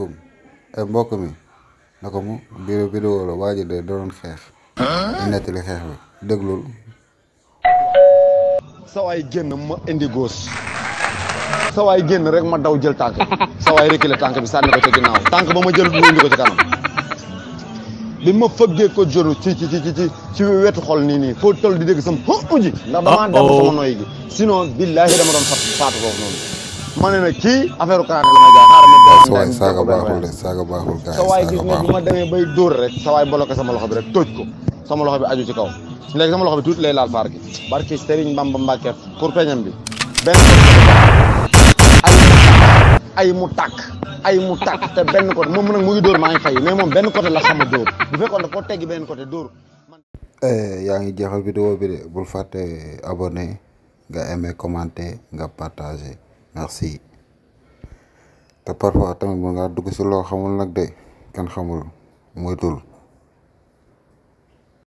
aleykum eh, mbokk mi na ko mu biir vidéo la waa de doon xeex di nettali xeex bi déglul sawaay génn ma indi góos sawaay rek ma daw jël tànk sawaay reculer tànk bi sànni ko ca ginnaaw ba ma jël mu indi ci kanam bi ma fëggee ko jonu ci ci ci ci wetu xol nii nii foo di dégg sam xo uji ndax damaa dam sama noy gi sinon billaahi dama doon fat faatu foofu ma ne na kii affaire kaane la may jaay xaaral ma. saaga baaxul de saaga baaxul gars yi saaga gis nga bu ma bay rek bloqué sama loxo bi rek toj ko sama loxo bi aju ci kaw léegi sama loxo bi tuuti lay laal faar barki Serigne Bamba Mbacke pour peñam bi mutak, ay mu tàkk ay mu tàkk te benn côté moom nag mu ngi dóor maa ngi fay mais moom benn côté la xam a bu fekkoon daf koo teggi côté eh, vidéo bi bul abonné nga nga merci te parfois tamit mën ngaa dugg si loo xamul nag de kenn xamul moytul